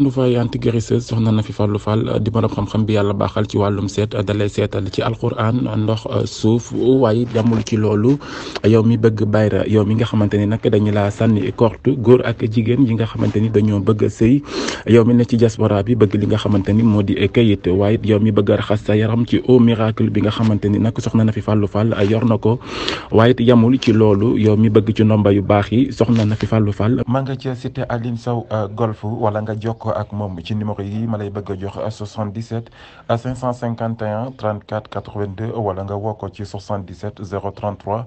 Louvain antigraisseuse soxna Nafi Fallou Fall euh, di borom xam-xam bi yàlla baaxal ci wàllum seet euh, dalay seetal ci alxuraan ndox euh, suuf waaye damul ci loolu yaw mi bëgg bayra yow mi nga xamante ni nag dañu laa sànni korte góor ak jigéen yi nga xamante ni dañoo bëgg a sëy yow mi ne ci diaspora bi bëgg li nga xamante ni moo di kayit waaye yow mi bëgg a raxas sa yaram ci eau miracle bi nga xamante ni nag na fi Fallou Fall yor na ko waaye yamul ci loolu yow mi bëgg ci ndomba yu baax yi soxna Nafi Fallou Fall. maa nga ci nga jokk à ak mom ci numéro yi ma lay bëgg jox 77 551 34 82 wala nga wakoti ci 77 033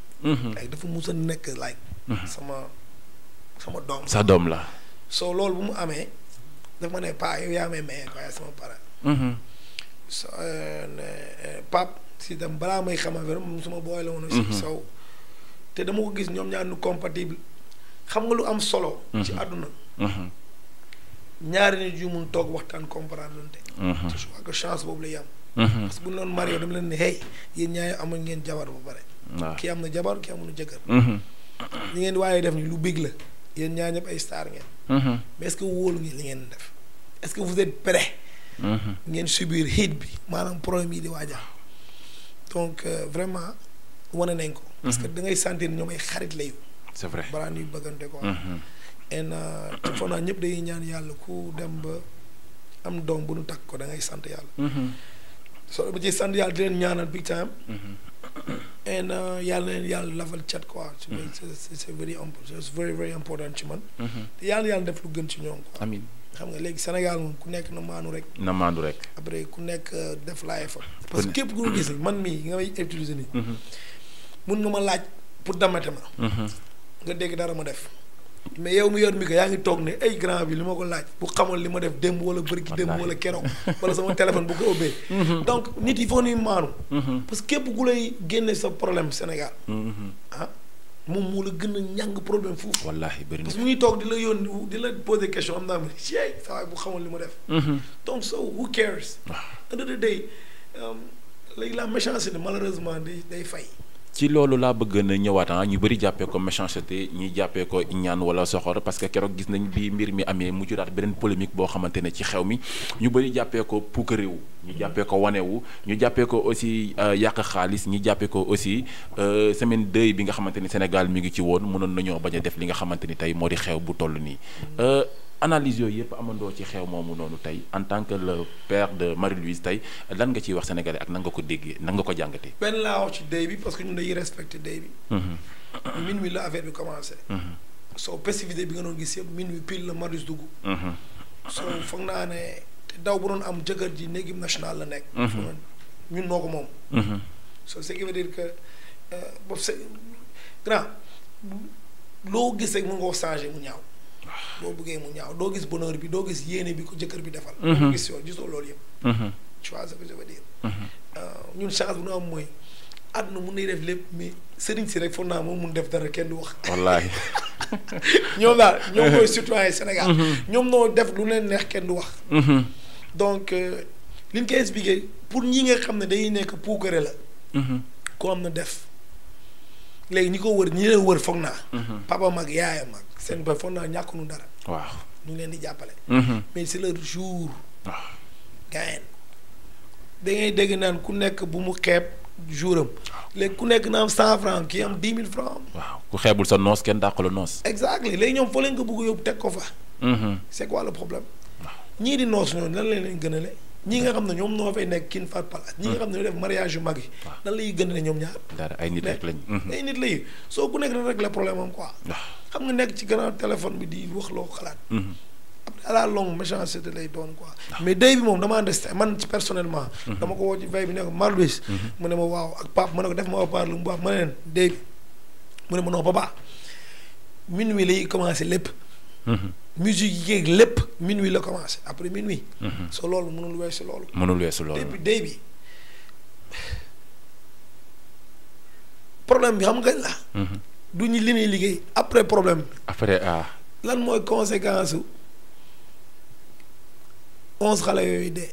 Mm-hmm. like dafa mus a nekk like mm-hmm. sama sama doom sa doom la soo loolu bu mu amee dafa ma ne paa yow yaa may maye waaye sama parent mm-hmm. so euh, euh, pap si balaa may xama affaire moom suma booy woon si te dama ko gis ñoom ñaar ñu xam nga lu am solo ci àdduna ñaari nit yu mun toog waxtaan comprendre te je crois que chance boobu lay am parce que bu ñu doon marié dama leen hey yéen ñaari amuñ ngeen jabar bu bare waaw kii am na jabar kii amul jëkkër. Mm-hmm. li ngeen waaye def ni lu big la yéen ñaa ñëpp ay star ngeen. Mm-hmm. mais est-ce que wóolu ngeen li ngeen def est-ce que vous êtes prêts. Mm-hmm. ngeen subir hit bi maanaam problème yi di waaja donc euh, vraiment wane nañ ko. parce que da ngay sentir ñoom ay xarit layu. c'est vrai balaa ñuy bëggante ko en te foog ñëpp dañuy ñaan yàlla ku dem ba am doom bu nu takk ko da sant yàlla. soo ba ci sant yàlla di leen ñaanal big and uh, yàlla na leen yàlla lafal cat quoi. c' est mm-hmm. very important c' est very very important ci man. Mm-hmm. te yàlla yàlla def lu gën ci ñoom quoi. amiin xam nga léegi Sénégal moom ku nekk na maanu rek. na maanu rek. après ku nekk euh, def laay fa. parce que képp ku ñu gis man mii nga may utiliser nii. Mm-hmm. mun nga ma laaj pour damate ma. nga dégg dara ma def. mais yow mu yoon mi ko yaa ngi toog ne ay grand bi li ma ko laaj bu xamoon li ma def démb wala bëri démb wala keroog wala sama téléphone bu ko ubbee mm-hmm. donc nit yi foo ni maanu mm-hmm. parce que képp ku lay génne sa problème Sénégal mm-hmm. ah moom moo la gën a ñàng problème foofu wallaahi bëri na mu ngi toog di la yónni di la poser question am naa ma ciey sawaay bu xamoon li ma def donc so who cares ah. end of the day um, léegi la malheureusement day fay ci loolu laa bëgg na ñëwaat ah, ñu bëri jàppee ko méchanceté ñi jàppee ko ñaan wala soxor parce que keroog gis nañ bi mbir mi amee mu juraat beneen polémique boo xamante ne ci xew mi ñu bëri jàppee ko puukarewu ñu jàppee ko wanewu ñu jàppee ko aussi euh, yàq xaalis ñu jàppee ko aussi euh, semaine deuil bi nga xamante ni Sénégal mi ngi ci woon mënoon nañoo bañ a def li nga xamante ni tey moo di xew bu toll nii euh, analyse yooyu yëpp amandoo ci xew momu noonu tay en tant que le père de Marie-Louise tey lan nga ci wax sénégalais ak nang nga ko déggé nang nga ko jangaté ben la wax ci day bi parce que ñun dañuy respecté day bi. wi mm-hmm. la affaire bi commencé. hmm soo passivité bi nga doon gis min wi pile le marie dugu hmm soo foog naa né té daw bu doon am jëkkër ji négim national la hmm ñun noko mom hmm soo ce qui veut dire que euh boobu c'est grand lo gis rek mën nga ko changer mu ñaaw. boo bëggee mu ñaaw doo gis bonheur bi doo gis yéene bi ko jëkkër bi defal. Mhm. gis yoo gisoo loolu yëpp. Mhm. tu vois ce que mhm. euh, ñun chance bu ñu am mooy àdduna mun nañ def lépp mais sëriñ si rek foog naa moom mun def dara kenn du wax. wallaahi. ñoom daal ñoom mooy citoyen Sénégal. ñoom noo def lu leen neex kenn du wax. donc euh, liñ koy expliqué pour ñi nga xam ne dañuy nekk puukare la. ko am na def léegi ñi ko wër ñi leen wër foog naa. papa mag yaaya mag. seen boy foog naa ñàkkunu dara. waaw ñu ngi leen di jàppale. Mm-hmm. mais c'est leur jour. waaw gaayeen da ngay dégg naan ku nekk bu mu xeeb jouram léegi ku nekk na am cent franc kii am dix mille franc. waaw ku xeebul sa noos kenn dàqalu noos. exactly léegi ñoom foo leen ko bëgg a yóbbu teg ko fa. Mm-hmm. c'est quoi le problème. ñii di noos ñooñu lan leen gënale. ñi nga xam ne ñoom noo fay nekk kin faat palaas ñi nga xam ne ñoo def mariage yu mag yi nan lay gën ne ñoom ñaar dara ay nit rek lañ ay nit lay soo ku nekk na régler problème am quoi xam nga nekk ci grand téléphone bi di wax loo xalaat mhm. après à la longue méchanceté lay doon quoi mais day bi moom dama understand man ci personnellement mhm. dama ko woo ci veille bi ne ko Marlouis mhm. mu ne ma waaw ak Pape ma ne ko def ma wa parle mu baax ma ne leen day bi mu ne ma non papa minuit lay commencé lépp Mm-hmm. musique yi lépp minuit la commencé après minuit. Mm-hmm. so loolu mënul weesu loolu. mënul weesu loolu depuis day bi problème bi xam nga la. Mm-hmm. du ñu li ñuy liggéey après problème après ah. lan mooy conséquence su onze xale yooyu dee.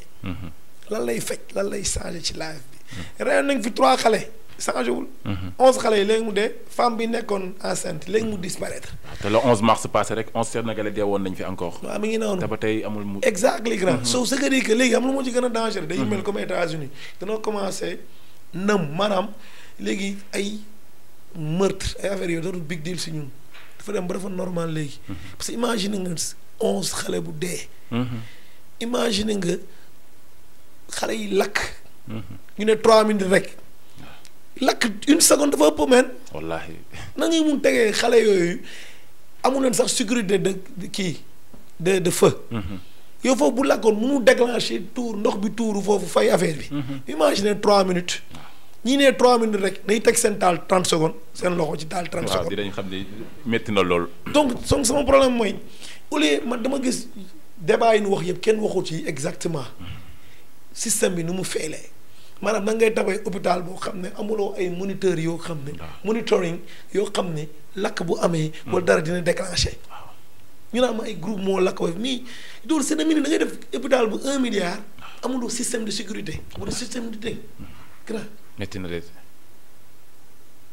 lan lay fekk lan lay changé ci live bi. reyoon nañ fi trois xale changé wul. 11 mhm. khalé yi léegi femme bi nekkoon enceinte léegi disparaître. Ah, te le 11 mars passé rek 11 Sénégalais dé woon nañ fi encore. waaw mi ngi noonu ba tey amul mu. exactement grand mhm. So ce que dit que léegi amul mo moo ci gën a dangereux. Mhm. mel comme États-Unis Dañu commencé nëm maanaam léegi ay meurtre ay affaire yo dootul big deal ci ñun dafa dem ba dafa normal léegi. parce que imagine nga 11 khalé bu dee. imagine nga xale yi lakk. ñu ne 3000 rek lak une seconde dafa ëpp men wallahi na ngay mun tegee xalé yoyu amu leen sax sécurité de kii de de feu. Mhm. yow foofu bu lakkoon mënu déclencher tour ndox bi tuuru fofu fay affaire bi. Mhm. imagine 3 minutes. Ah. ñii né 3 minutes rek day tek sen tal 30 secondes sen loxo ci tal 30 secondes. di dinañ xam ne metti na lool. donc son sama problème moy au lieu man dama gis débat yi ñu wax yëpp kenn waxu ci exactement mhm. système bi nu mu feelee. maanaam da ngay tabax hôpital boo xam ne amuloo ay moniteurs yoo xam ne. monitoring yoo xam ne lakk bu amee. Hmm. wala dara dina déclenché. ñu naan ma ay groupe moo lakk woon mais loolu seen mini da bu un milliard amuloo système de sécurité. amuloo système de dégg. grand métti na de.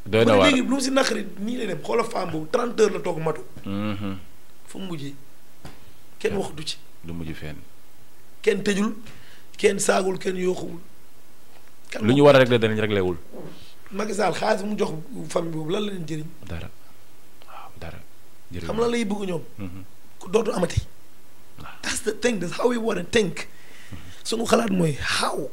doy na waar léegi lu mu si naqari nii lay dem xoolal femme boobu 30 heures la toog matu. Mm-hmm. fu mu mujjee kenn wax ci. du mujj fen kenn tëjul kenn saagul kenn yooxuwul lu ñu war a régler danañ réglé wul. Macky xaalis mu jox famille boobu lan la leen jëriñ. dara waaw dara. jëriñ xam lan lay bëgg ñoom. Mm-hmm. dootu amati. waaw that's the thing that's how we want to think. Mm-hmm. suñu xalaat mooy how.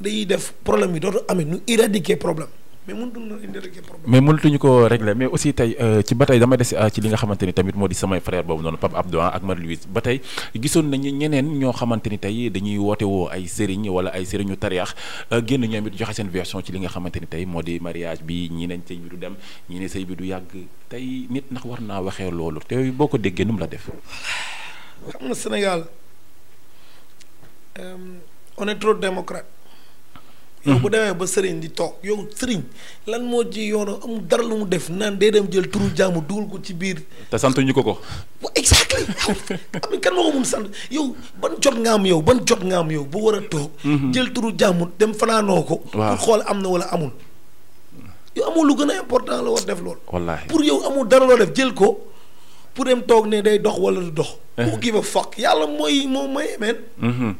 dañuy def problème bi dootu amee nu éradiquer problème. mais mun indi régler problème. mais ko régler mais aussi tey euh, ci ba tey dama des euh, ci li nga xamante ni tamit moo di samay frère boobu noonu Pape Abdou ak Marie-Louise ba tey ñeneen ñoo xamante ni dañuy woote woo ay sëriñ wala ay sëriñu tariax euh, génn ñoom it joxe seen version ci li nga xamante ni tey moo di mariage bi ñii nañ sëy bi du dem ñii ne sëy bi du yàgg tey nit ndax war naa waxee loolu te boo ko déggee nu mu la def. xam nga Sénégal yow hmm. bu demee ba sëriñ di toog yow sëriñ lan moo ci yoonu amul dara lu mu def naan day dem jël turu jaamu dugal ko ci biir. te sant ñu ko ko. waaw exactly am moo ko mun yow ban jot nga yow ban jot nga yow bu war a toog. Hmm. jël turu jaamu dem fanaanoo ko. pour xool am na wala amul. yow amul lu gën a important la war def lool. pour yow amul dara loo def jël ko pour dem toog ne day dox wala du dox. pour eh. give a fuck yàlla mooy moo may meen. Hmm.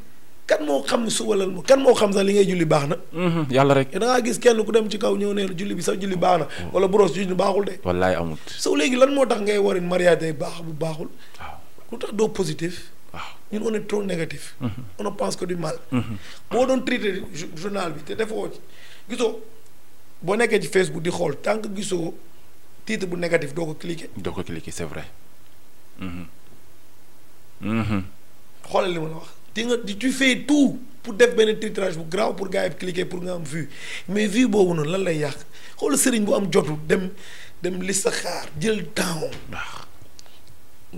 kan moo xam ne suba lan kan moo xam sax li ngay julli baax na. Mhm, yàlla rek da ngaa gis kenn ku dem ci kaw ñëw ne julli bi sax julli baax na. Mhm. wala boros julli baaxul de. wallaay amut. soo léegi lan moo tax ngay warin mariage day baax bu baaxul. waaw lu tax doo positif. waaw ñun on est trop négatif. Mhm. on ne pense que du mal. boo doon traité journal bi te defoo ci gisoo boo nekkee ci Facebook di xool tant que gisoo titre bu négatif doo ko cliqué. doo ko cliqué c'est vrai. xoolal li ma la wax tu fais tout pour faire un titrage pour pour gars cliquer pour nga vu mais vu que tu lan lay yak xol serigne bu am dem dem là, xaar jël temps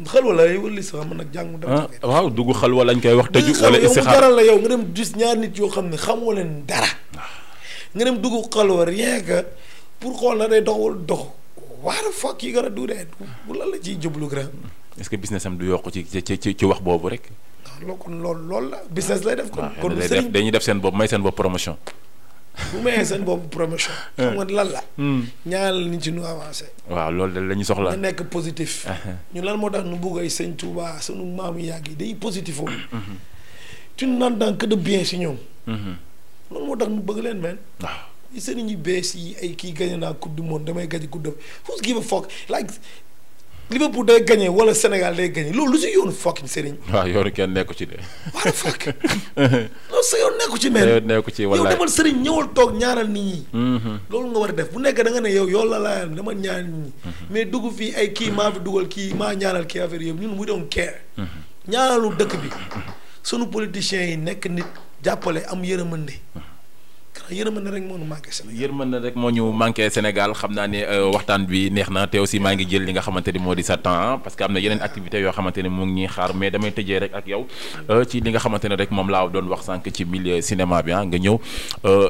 xal wala yow li pas man es là, tu waaw là. xal wala ngay wax là, wala es là, la yow nga dem gis ne es dara ah. nga dem pour what the fuck you gonna do that est-ce que business du loo lool loolu loolu la business lay def. kon ah, kon sëriñ dañuy def seen bopp may seen bopp promotion. bu mayee seen boobu promotion. xam nga lan la. Hmm. ñaanal nit ci nu avancé. waaw loolu de la ñu soxla. na nekk positif. ñu lan moo tax nu bugg ay sëñ Touba sunu maamu yàgg yi day positif woon. Mhm. tu n'entends que de bien si ñoom. Mhm. loolu moo tax nu bëgg leen mel. waaw sëriñ yi bees yi kii gañe naa coupe du monde damay gañe coupe de. who's give a fuck like Liverpool day gagné wala Sénégal day gagné loolu lu si yoonu fucking sëriñ. waaw yoonu kenn nekku ci de. waaw fuck loolu nekku ci mel. yoon nekku ci wallaay yow demal sëriñ ñëwal toog ñaanal nit ñi. Mm-hmm. loolu nga war a def bu nekk da nga ne yow yow la dama ñaan mm-hmm. mais dugg fii ay kii maa fi dugal kii maa ñaanal kii affaire yëpp ñun mu doon care. Mm-hmm. ñaanalu dëkk bi sunu politiciens yi nekk nit jàppale am yërëmande. yërmande rek moo ñu manqué Sénégal yërmande rek moo ñu manqué Sénégal xam naa ne euh, waxtaan bi neex na te aussi maa ngi jël li nga xamante ni moo di sa temps que am na yeneen activité yoo xamante ne mu ngi ñuy xaar mais damay tëjee rek ak euh, li nga xamante ne rek moom laa doon wax sànq ci milieu cinéma bi ah, nga ñëw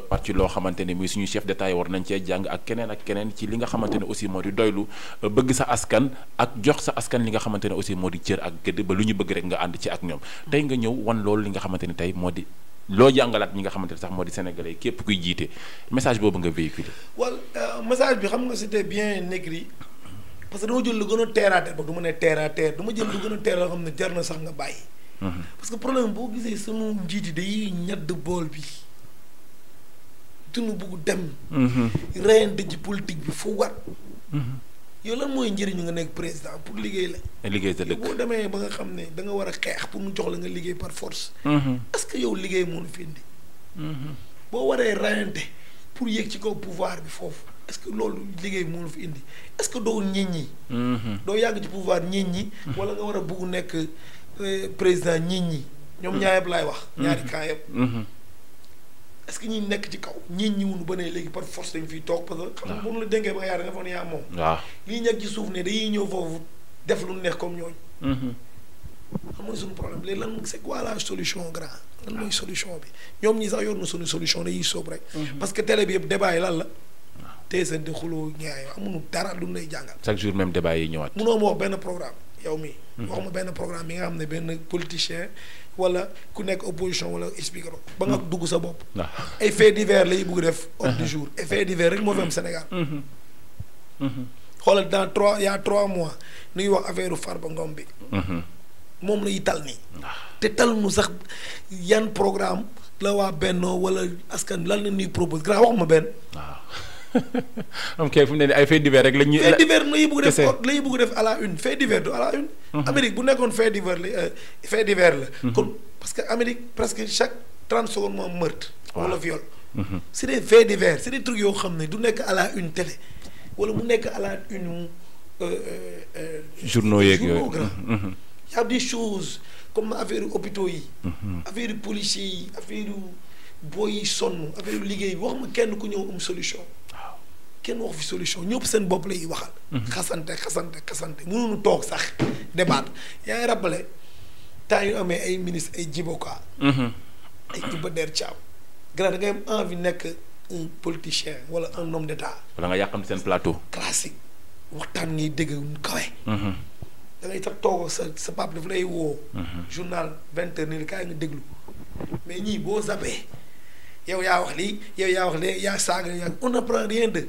par euh, loo xamante ne muy suñu chef d'état yi war nañ cee jàng ak keneen ak keneen ci li nga xamante ne aussi moo di doylu bëgg sa askan ak jox sa askan li nga xamante ne aussi moo di cër ak gëdd ba lu ñu bëgg rek nga ànd ci ak ñoom tey nga ñëw wan loolu li nga xamante ne tey moo di loo jàngalaat ñi nga xamante ne sax moo di sénégalais képp kuy jiite message boobu nga véhiculer. wal euh, message bi xam nga c'était bien écrit parce que dama jël lu gën a terre à terre ba du ma ne terre à terre dama jël lu gën a terre loo xam ne jar na sax nga bàyyi. Mhm. parce que problème boo gisee sunu njiit yi day ñadd bool bi dunu bugg dem. Mhm. reyante ci politique bi fu war. Mhm. yow lan mooy njëriñu nga nekk président pour liggéey la. liggéey sa dëkk boo demee ba nga xam ne danga war a xeex pour mu jox la nga liggéey par force. Mm-hmm. est-ce que yow liggéey moo la fi indi. Mm-hmm. boo waree rayante pour yéeg ci kaw pouvoir bi foofu est-ce que loolu liggéey moo fi indi est-ce que doo ñit ñi. Mm-hmm. doo yàgg ci pouvoir ñit ñi. wala nga war a bugg nekk euh, président ñit ñi. ñoom ñaar yëpp laay wax. ñaari cas yëpp. est-ce que ñi nekk ci kaw ñi ñëwuñu ba ne léegi par force dañ fiy toog parce que. xam nga bu la dénkee ba nga yaakaar nga foog ne moom. waaw lii ñëw foofu def lu neex comme ñooñu. Mm-hmm. xam mooy suñu problème léegi lan c'est quoi la solution bi ñoom ñi sax yoon na suñu solution dañuy sóob rek. Mm-hmm. parce que télé bi yëpp débat yi lan la. tey seen di xuloo ñaayoo amuñu lu lay jàngal. chaque jour même débat yi ñëwaat. munoo ma benn programme yow mii. Mm-hmm. wax ma benn programme bi nga xam ne benn politicien. wala ku nekk opposition wala expliqué ba nga hmm. dugg sa bopp. ay faits divers lay bëgg def. ordre du jour ay faits divers rek moo fi am Sénégal. Hmm. Hmm. xoolal dans trois y' trois mois nuy wax affaire far ba Ngom bi. moom lay tal nii. Ah. te tal nu sax yan programme la waa Bennoo wala askan lan la ñuy propose grand wax ma benn. Ah. On fu mu ne ay fait divers rek la ñuy. fait divers la bëgg def la bëgg def à la une fait divers du à la une. Mhm. Amérique bu nekkoon fait divers la euh, fait divers la. Mhm. kon parce que Amérique presque chaque trente secondes moom meurt wala viol. Mhm. c'est des faits divers c'est des trucs yoo xam ne du nekk à la une télé wala mu nekk à la une. Euh, euh, journaux yeeg yooyu y a des choses comme affaire hôpitaux yi. affaire policiers yi affaire boy yi sonn affaire liggéey wax ma kenn ku ñëw am solution. kenn wax fi solution ñëpp seen bopp lay waxal. Mhm. xasante xasante xasante mënuñu toog sax débat yaa ngi rappelé temps yu amee ay ministre ay jiboka. Mhm. ay Iba Der Thiaw. gannaaw da ngay am envie nekk un politicien wala un homme d' état. wala nga yàqam seen plateau. classique waxtaan ngay dégg mu kawe. Mhm. da ngay tax toog sa sa pap daf lay woo. journal vingt heures nii kaay nga déglu mais ñii boo zappee yow yaa wax lii yow yaa wax lee yaa saaga yaa on apprend rien de.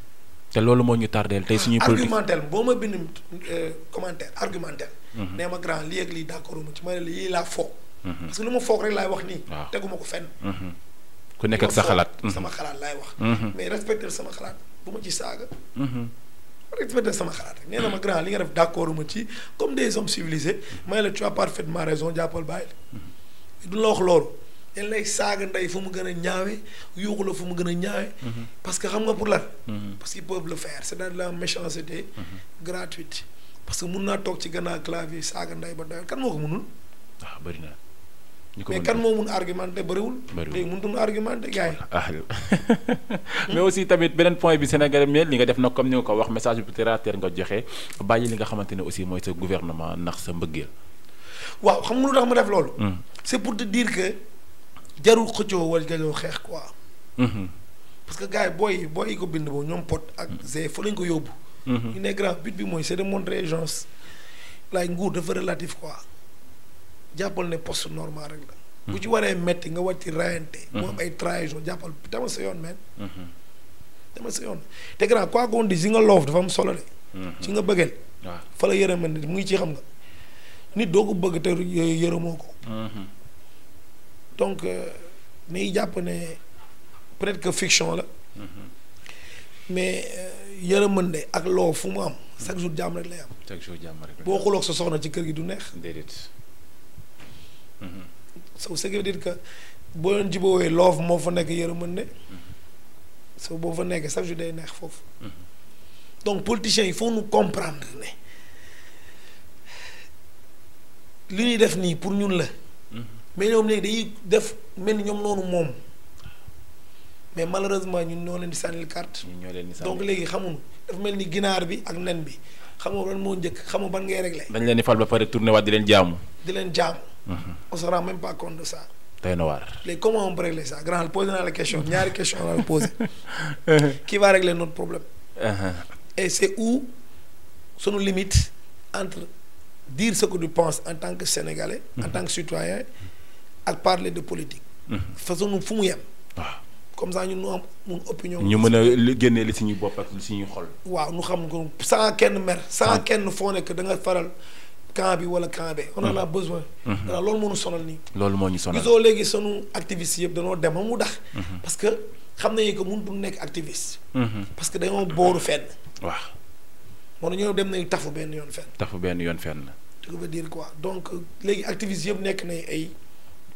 te loolu moo ñu tardeel tey suñuy. politique argumentaire boo ma bind euh, commentaire argumentaire. Mhm. nee ma grand lii ak lii d' accord ma ci ma ne lii laa foog. Mhm. parce que lu ma foog laay wax nii. waaw teguma ko fenn. Mhm. ku nekk ak sa xalaat sama xalaat laay wax. mais respecté sama xalaat bu ma ci saaga. respecté sama xalaat rek nee na ma grand li nga def d' ma ci comme des hommes civilisés may la tu as parfaitement raison jàppal bàyyi la. du la wax loolu. dañ lay saaga ndey fu mu gën a ñaawe yuuxu la fu mu gën a ñaawe mhm. parce que xam nga pour la lan mhm. parce qu'ils peuvent le faire c'est de la méchanceté mhm. gratuite parce que mun naa toog ci gannaaw clavier saaga ndey ba doyal kan moo ko mënul waaw ah, bari na mais kan moo mun argumenté bëriwul. bëriwul mun mënutoon argumenté gars yi. Ah, mais aussi tamit beneen point bi Sénégal mais li nga def na comme ni nga ko wax message bu terre nga joxe bàyyi li nga xamante ne aussi mooy sa gouvernement ndax sa mbëggeel. waaw xam nga lu tax ma def loolu. Hmm. c'est pour jarul xëccoo wala jarul xeex quoi. Mhm. parce que gars yi booy yi booy ko bind boobu ñoom pot ak Zé mhm. fa lañ ko yóbbu. Mhm. ñu ne grave but bi mooy c'est de montrer gens laay nguur dafa relatif quoi jàppal ne post normal rek la. bu ci waree metti nga war ci rayante. mu ay trahison jàppal dama sa yoon men. dama sa yoon te grand quoi qu'on dise si nga loof dafa mu solo de. ci nga bëggeel. waaw fa la yërëmal nit mu ngi ci xam nga nit doo ko bëgg te yërëmoo ko. donc nañu jàpp près que fiction là mm-hmm. mais euh, yërëmande ak lo fu mu am. chaque jour jàmm rek lay am. chaque jour jàmm rek bo xolok sa soxna ci kër gi du neex. déedéet. Mm-hmm. so ce qui veut dire que boo leen jiboowee loof mo fa nek nekk yërëmande. Mm-hmm. so bo fa nek chaque jour day neex foofu. donc politiciens il faut nous comprendre né li ñuy def ni pour ñun la mais ñoom léegi dañuy def mel ni ñoom noonu moom mais malheureusement ñun ñoo leen di sànnil carte. ñoo leen di sànnil donc léegi xamuñu dafa mel ni ginaar bi ak nen bi xamoo lan moo njëkk xamoo ban ngay réglé. dañ leen di fal ba pare tourné waat di leen jaamu. di leen jaamu. Mhm. on se rend même pas compte de ça. day na waar léegi comment on peut régler ça grand posé naa la question ñaari question la la posé. qui va régler notre problème. Uh-huh. et c'est où sunu limite entre dire ce que tu penses en tant que sénégalais. en mhm. tant que citoyen à parler de politique. Mhm. faisons-nous fumer comme ça nous Nous am opinion. ñu mën le génne li suñuy nous li xol. waaw ñu xam ko sans mer. sans ah. faral on a mhm. besoin. Mhm. loolu nous sonal nous loolu nous Nous avons Nous activiste parce que nous nañu nous parce que nous sommes fenn. waaw. avons dem nous tu veux dire quoi donc les activiste nous sont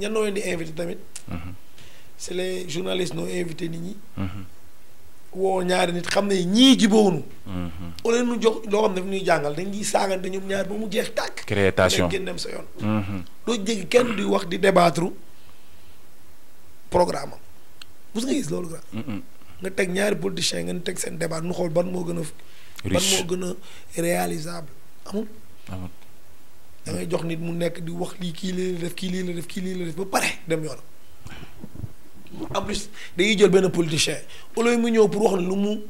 ñan noo leen di invité tamit. Mhm. c'est les journalistes noo invité nit ñi. Mhm. woo ñaari nit xam ne ñii jibóowunu au mhm. lieu nu jox loo xam ne daf ñuy jàngal dañ ciy saagante ñoom ñaar ba mu jeex tàkk. création gën dem sa yoon. doo jéggi kenn di wax di débattre programme bu mos nga gis loolu. nga teg ñaari politiciens nga teg seen débat nu xool ban moo gën a. riche ban moo gën a réalisable amul. da jox nit mu nekk di wax lii kii lii la def kii lii la def kii lii la def ba pare dem yoon en plus dañuy jël benn politicien au mu ñëw pour wax lu mu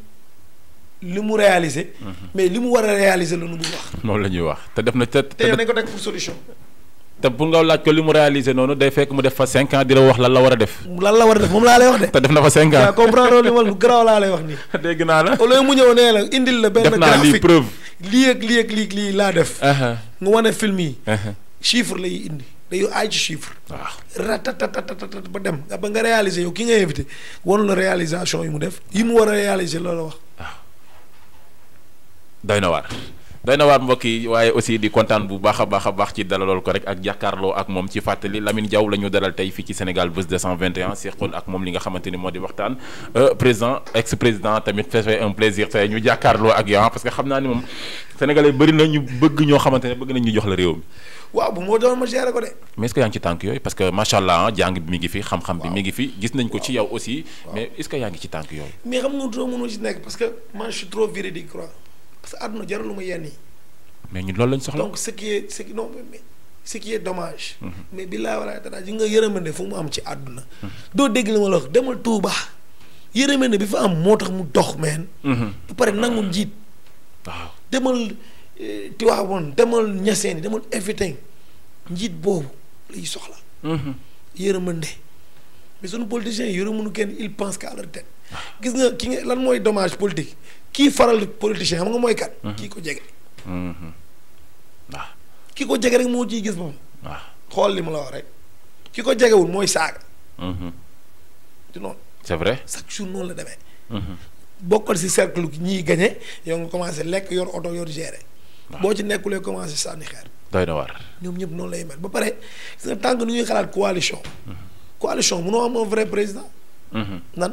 li mu réaliser. Mhm. mais li mu war a réaliser la nu bu wax. moom la ñuy wax te def na te. te nañ ko teg pour solution. te bu nga laaj ko li mu réalisé noonu day fekk mu def fa cinq ans di la wax lan la war a def. lan la war a def moom laa lay wax de. te def na fa 5 ans waaw comprendre li ma lu garaaw laa lay wax nii. dégg naa la. loolu mu ñëw nee la indil la. benn graphique def naa lii preuve. lii ak lii ak lii lii laa def. nga wane film yi. chiffre lay indi day aay ci chiffre. waaw ba dem ba nga réalisé yow ki nga invité wanu la réalisation yi mu def yi mu war a réalisé loolu la wax. doy na waar. doy na waar mbokk yi waaye aussi di kontaan bu baax a baax a baax ci dalalool ko rek ak jàkkaarloo ak moom ci fàttali Lamine Diaw la ñu dalal tey fii ci Sénégal Buzz 221 seqoon ak moom li nga xamante ni moo di waxtaan euh, président ex président tamit c'est un plaisir tey ñu jàkkaarloo ak yow ah, parce que xam naa ni moom sénégalais bëri na ñu bëgg ñoo xamante ne bëgg nañ jox la réew mi. waaw bu moo doon ma géré ko de. mais est-ce que yaa ngi ci tànk yooyu parce que macha allah ah, jàng bi mi ngi fi. xam-xam bi mi ngi fi gis nañ ko ci yow aussi. mais est-ce que yaa ngi ci tànk yooyu. mais xam nga trop mënoo ci nekk parce que man je suis trop véridique quoi parce que àdduna jaralu ma yenn yi. mais ñun loolu lañ soxla. donc ce qui est mais ce qui est dommage. Mm-hmm. mais billaa walaay taala yi nga yërëmande fu mu am ci àdduna. Mm-hmm. doo dégg li ma la wax demal Touba yërëmande bi fa am moo tax mu dox meen. Mm-hmm. ba pare nangu njiit. waaw demal eh, Tiwaawoon demal Ñaseen demal invité njiit boobu lay soxla. yërëmande mais sunu politiciens yi yërëmuñu kenn ils pensent qu'à leur tête. Ah. gis nga ki nga lan mooy dommage politique kii faral politicien xam nga mooy kan. Mhm. kii ko jege. Mhm. kii ko jege rek moo ci gis moom. xool li ma la wax rek ki ko jegewul mooy saaga. du mhm. noonu. c'est vrai chaque jour noonu la demee. bokkal si cercle ñiy gañe yow commencé lekk yor oto yor boo ci nekkulee commencé sànni xeer. doy na war ñoom ñëpp noonu lay mel ba pare gis nga tànk nu ñuy xalaat coalition. coalition mënoo am un vrai président. nan.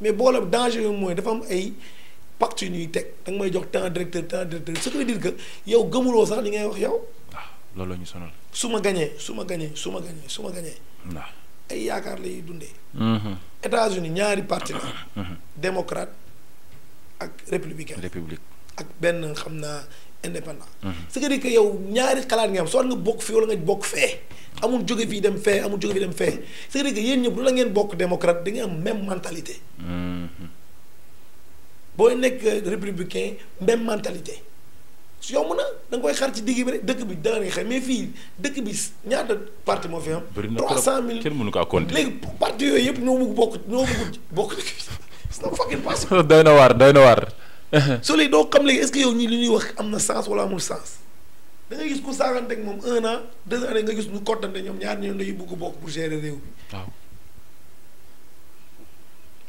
mais boole danger yooyu mooy dafa ay pacte yu ñuy teg may jox temps directeur temps directeur ce que veut dire que yow gëmuloo sax li ngay wax yow. lolu ah, loolu ñu sonal. suma ma suma su ma gagner suma ma gañee su ma gañee. waaw ay yaakaar lay dundee. Mm-hmm. États-Unis ñaari parti la. Mm-hmm. démocrate ak républicain. république ak ben xamna indépendant. c'est-à-dire yow ñaari xalaat nga am soo nga bokk fii wala nga bokk fee. amul jóge fii dem fee amul jóge fii dem fee c'est-à-dire que yéen la ngeen bokk démocrate da ngeen am même mentalité. booy nekk républicain même mentalité. su yomb na da koy xar ci digg bi rek dëkk bi da nga xëy mais fii dëkk bi ñaata parti moo fi am. bëri na trois cent mille léegi parti yooyu yëpp ñoo bëgg bokk ñoo bëgg bokk. c'est fucking possible. doy na waar doy na waar. Uh-huh. soo léegi doo xam léegi est-ce yow ñii li ñuy wax am na sens wala amul sens da ngay gis ku saaganteeg moom un an deux ans gis ñu kottante ñoom ñaar ñoom dañuy bugg bokk pour gérer réew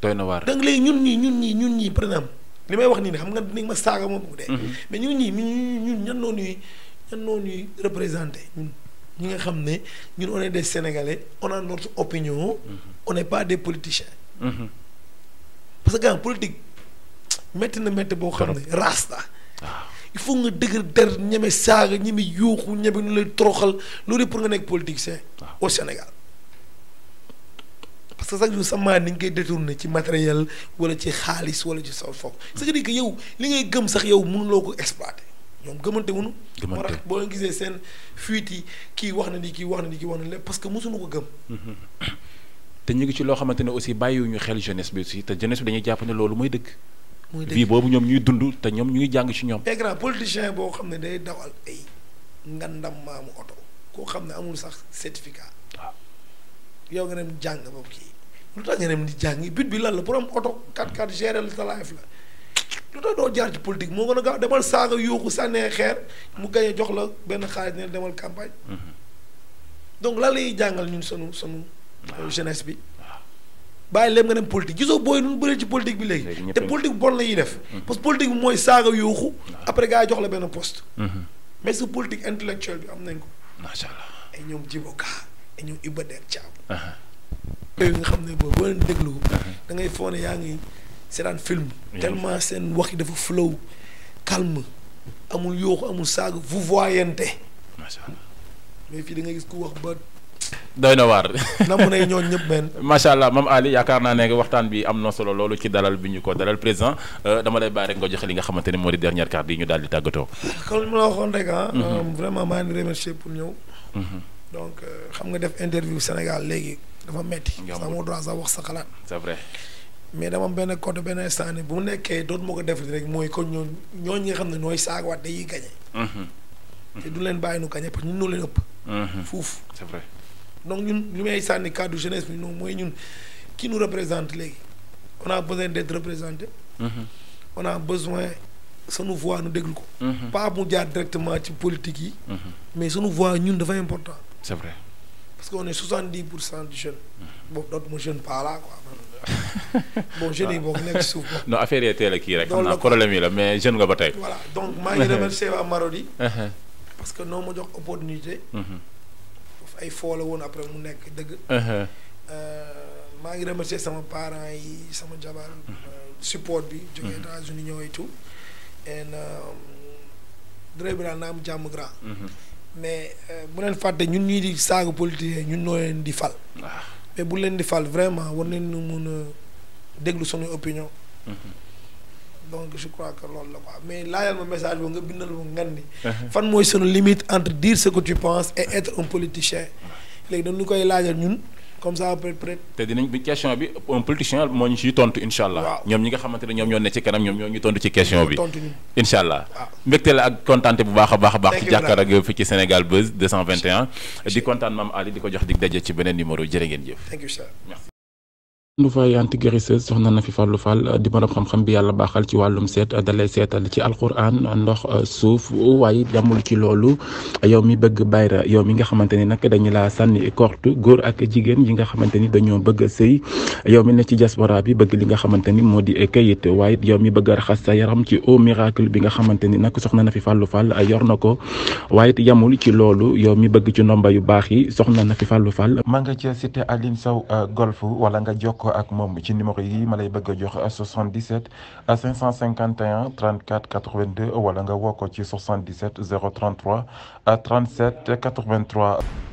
na waar donc léegi ñun ñii ñun ñii ñun ñii par exemple li may wax nii xam nga ni ma saaga moom bu dee. Uh-huh. mais ñun ñii ñun ñan noonu ñuy représenté ñi nga xam ne ñun on est des sénégalais on a notre opinion. Uh-huh. on n'est pas des politiciens. parce que gàncax politique. métti na métti boo xam ne raas na il faut nga dëgër der ñeme saaga ñeme yuuxu ñeme nu lay toroxal loolu yëpp pour nga nekk politicien au Sénégal parce que chaque jour sa maa ni ñu koy détourné ci matériel wala ci xaalis wala ci sa foofu c'est-à-dire que li ngay gëm sax yow mënuloo ko exploité ñoom gëmante wuñu moo tax boo leen gisee seen fuite kii wax na ni kii wax na ni kii wax na lépp parce que suma ko gëm mm-hmm. te ñu ngi ci loo xamante ne aussi bàyyiwuñu xel jeunesse bi aussi te jeunesse bi dañuy jàpp ne loolu mooy dëgg muy vie boobu ñoom ñuy dund te ñoom ñu ngi jàng ci ñoom. grand politicien boo xam ne day dawal ay ndam maamu oto koo xam ne amul sax certificat. yow nga dem jàng boobu kii lu tax nga dem di jàng but bi lan la pour am oto 4x4 sa life la lu tax doo jaar ci politique moo gën a gaaw demal saaga yuuxu sànnee xeer mu gañe jox la benn xaalis ne demal campagne. Mhm. donc lan lay jàngal ñun sunu sunu jeunesse bi. bàyyi leen nga dem politique gisoo booy nu bëree ci politique bi léegi te politique bu bon la ñuy def mm-hmm. parce que bi mooy saaga yooxu après gars yi jox la benn post mm-hmm. mais su politique bi am nañ ko macha allah ay ñoom jiboka ay ñoom Iba Der Thiam uh-huh. yooyu nga xam ne boo boo leen déglu uh-huh. da ngay foog yaa ngi seetaan film tellement seen wax yi dafa flow calme amul yuuxu amul saaga vous voyante macha mais fii da ngay gis ku wax ba doy na waar. na mu ñëpp benn. macha allah maam Ali yaakaar naa ne waxtaan bi am na solo loolu ci dalal bi ñu ko dalal président euh, dama lay bàyyi rek nga joxe li nga xamante ne moo di dernière carte yi ñu daal di tàggatoo. comme li ma la waxoon rek ah. Mhm. Euh, vraiment maa ngi remercier pour mhm. donc euh, xam nga def interview Sénégal léegi dafa metti sa moo droit sax wax sa xalaat. c'est vrai. mais dama am benn côté benn instant ne bu mu nekkee doot ma ko def rek mooy kon ñooñu ñooñu nga xam ne nooy saagawaat dañuy gañe. Mhm. te du leen bàyyi nu gañe parce que ñun leen ëpp. fuuf c'est donc nous, sommes nous, cadre jeunesse ñun qui nous représente on a besoin d'être représentés. Mm-hmm. on a besoin nous voir, nous déglu ko. Mm-hmm. pas pour dire directement la politique mm-hmm. mais nous voix ñun devant important. c'est vrai. parce qu'on est 70 de jeunes. D'autres, jeunes ne parlent pas là quoi. bon je n'ai pas nekk non affaire est là qui est, rek. On le problème mais jeune ne ba pas voilà donc je remercie remercier Marodi. Uh-huh. parce que nous avons une opportunité. ay foola woon après mu nekk dëgg uh-huh. euh, maa ngi remercier sama parents yi sama jabar euh, support bi uh-huh. jóge États-Unis ñëw tout and euh, bi daal naa am jàmm grand uh-huh. mais bu leen fàtte ñun ñii di saaga politique ñun noo leen di fal ah. mais bu leen di fal vraiment war nañ mun a déglu suñu opinion donc je crois que lol la quoi mais laajal ma message boobu nga bindal ma ngan uh-huh. fan moy son limite entre dire ce que tu penses et être un politicien légui dañu koy laajal ñun comme ça après être. té dinañ bi question bi un politicien moo ñu ciy tontu inshallah ñom ñi nga xamante ñom ñoo ne ci kanam ñom ñoo ñu tontu ci question bi. inshallah ñu la ak contenté bu baaxa baaxa baax ci jàkkaar ak fi ci Sénégal Buzz 221. di kontaan maam Ali di ko jox dig daje ci benen numéro jërë ngeen jëf. merci. Louvain antigraisseuse soxna Nafi Fallou Fall euh, di borom xam-xam bi yàlla baaxal ci wàllum seet euh, dalay seetal ci alxuraan euh, ndox suuf waaye damul ci loolu yow mi bëgg bayra yow mi nga xamante ni nag dañu laa sànni korte góor ak jigéen yi nga xamante ni dañoo bëgg a sëy yow mi ne ci diaspora bi bëgg li nga xamante ni moo di kayit waaye yow mi bëgg a raxas sa yaram ci eau miracle bi nga xamante ni nag na fi Fallou Fall yor na ko waaye yamul ci loolu yow mi bëgg ci ndomba yu baax yi soxna Nafi Fallou Fall. maa nga ci nga jokk à ak mom ci numéro yi 77 551 34 82 wala nga 77 033 37 83.